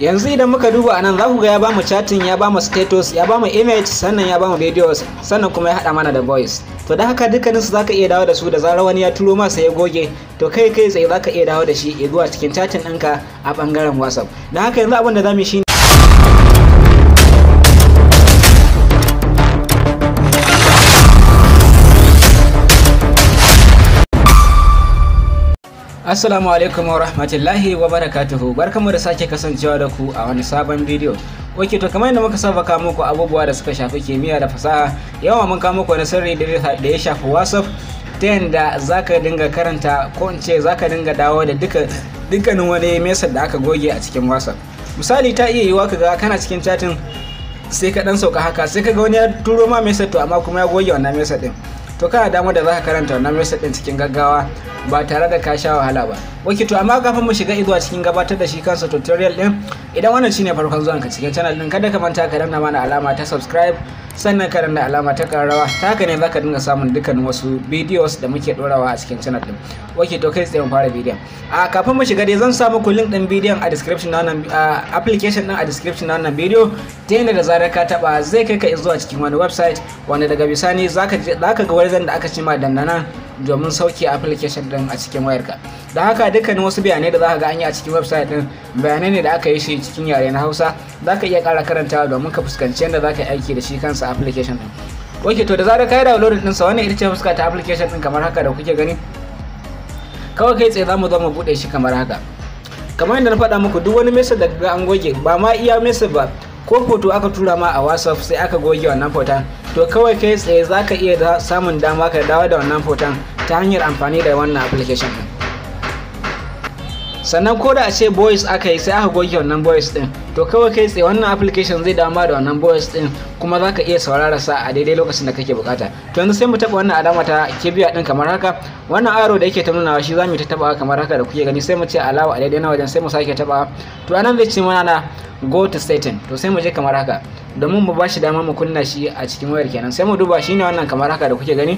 yanzu idan muka duba anan za ku ga ya ba mu chatting ya ba mu status ya ba mu image sannan ya ba mu videos sannan kuma ya hada mana da voice to da haka dukkanin su zaka iya dawo da su da zarar wani ya turo ma sai ya goge to kai kai sai zaka iya dawo da shi zuwa cikin chatting ɗinka a bangaren whatsapp don haka yanzu abin da zamu shi Assalamu alaikum wa rahmatullahi wa barakatuhu barkamu da sake kasancewa da ku a wani sabon bidiyo ok to kamar yadda muka saba kawo muku abubuwa da suka shafi kimiyya da fasaha yawa mun kawo muku wani sirri da ya shafi whatsapp ta yadda za ka dinga karanta ko in ce za ka dinga dawo da dukkanin wani mesa da aka goge a cikin whatsapp misali ta iya yiwuwa kaga kana cikin chatting sai ka dan sauka haka sai ka ga wani ya turo ma mesa to amma kuma ya goge wannan mesa din to kana damar da za ka karanta wannan website din cikin gaggawa ba tare da ka sha wahala ba ok to amma kafin mu shiga izuwa cikin gabatar da shi kansa tutorial din idan wannan shine farkon zuwan ka cikin channel din kada ka manta ka danna mana alama ta subscribe sannan ka danna alama ta karrawa ta haka ne zaka dinga samun dukkan wasu videos da muke dorawa a cikin channel din ok to kai tsaye mu fara bidiyon a kafin mu shiga dai zan sa muku link din bidiyon a description na application din a description na wannan bidiyo ta yadda da zarar ka taba zai kai ka zuwa cikin wani website wanda daga bisani zaka ga wurin da aka ce ma dandana domin sauke application din a cikin wayarka da haka dukkanin wasu bayanai da za ka ga an yi a cikin website din bayanai ne da aka yi shi cikin yare na hausa za ka iya ƙara karantawa domin ka fuskanci yadda za ka yi aiki da shi kansa application din ok to da zarar ka yi download ɗinsa wannan ita ce fuska ta application din kamar haka da kuke gani kawai kai tsaye za mu zo mu buɗe shi kamar haka kamar yadda na faɗa muku duk wani message da ga an goge ba ma iya message ba ko foto aka tura ma a whatsapp sai aka goge wannan foton to kawai kai tsaye za ka iya samun dama ka dawo da wannan foton ta hanyar amfani da wannan application sannan ko da a ce boys aka yi sai aka goge wannan boys din to kawai kai tsaye wannan application zai dama da wannan boys din kuma za ka iya saurara sa a daidai lokacin da kake bukata to yanzu sai mu taba wannan alama ta kibiya din kamar haka wannan aro da yake ta nuna shi za mu ta taba kamar haka da kuke gani sai mu ce alawa a daidai na wajen sai mu sake taba to anan zai ce mana na go to setting to sai mu je kamar haka domin mu bashi dama mu kunna shi a cikin wayar kenan sai mu duba shine wannan kamar haka da kuke gani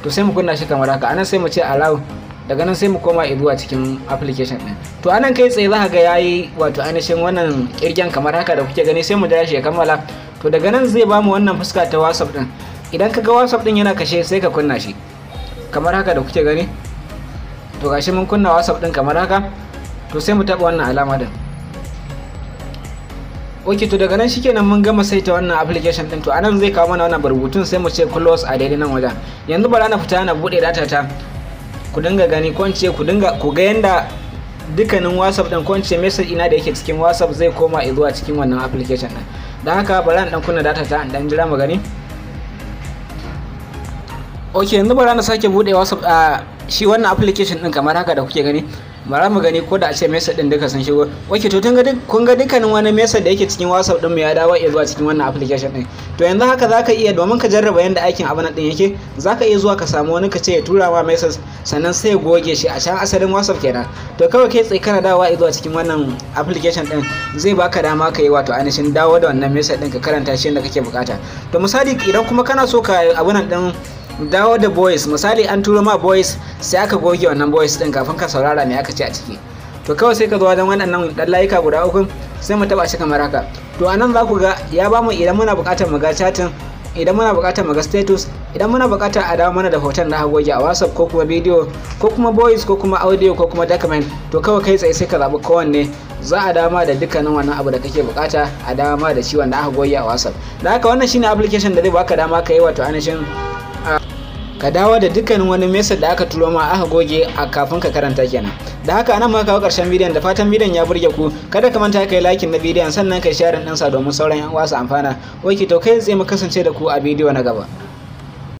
to sai mu kunna shi kamar haka anan sai mu ce allow daga nan sai mu koma zuwa cikin application din to anan kai tsaye za ga yayi wato ainihin wannan kirgen kamar haka da kuke gani sai mu dashi ya kammala to daga nan zai ba mu wannan fuska ta whatsapp din idan ka ga whatsapp din yana kashe sai ka kunna shi kamar haka da kuke gani to gashi mun kunna whatsapp din kamar haka to sai mu taba wannan alama din ok to daga nan shikenan mun gama saita wannan application din to anan zai kawo mana wannan rubutun sai mu ce close a daidai nan wajen yanzu bara na fita na bude data ta ku dinga gani ko ce ku dinga ku ga yanda dukkanin whatsapp din ko ce message ina da yake cikin whatsapp zai koma zuwa cikin wannan application din don haka bari an dan kunna data ta an dan jira mu gani ok yanzu bari na sake bude whatsapp a ah, shi wannan application din kamar haka da kuke gani bara mu gani ko da a ce mesa din duka sun shigo wake to tun kun ga dukkanin wani mesa da yake cikin wasa din mu ya dawo ya zuwa cikin wannan application din to yanzu haka zaka iya domin ka jarraba yanda aikin abin din yake zaka iya zuwa ka samu wani ka ce ya tura ma message sannan sai ya goge shi a can asalin whatsapp kenan to kawai kai tsaye kana dawowa ya zuwa cikin wannan application din zai baka dama ka yi wato ainihin dawo da wannan mesa din ka karanta shi yadda kake bukata to misali idan kuma kana so ka abin din dawo da boys misali an turo ma boys sai aka goge wannan boys din kafin ka saurara me aka ce a ciki to kawai sai ka zo wajen waɗannan ɗan layuka guda uku sai mu taba shi kamar haka to a nan za ku ga ya ba mu idan muna buƙatar mu ga chatin idan muna buƙatar mu ga status idan muna buƙatar a dawo mana da hoton da goge a whatsapp ko kuma bidiyo ko kuma voice ko kuma audio ko kuma document to kawai kai tsaye sai ka zaɓi kowanne za a dama da dukkanin wannan abu da kake buƙata a dama da shi wanda aka goge a whatsapp da haka wannan shine application da zai baka dama ka yi wato ainihin ka dawo da dukkanin wani mesa da aka turo ma aka goge a kafin ka karanta kenan da haka anan muka kawo karshen bidiyon da fatan bidiyon ya burge ku kada ka manta kai like na bidiyon sannan kai share din sa domin sauran yan uwa su amfana wai to kai zai mu kasance da ku a bidiyo na gaba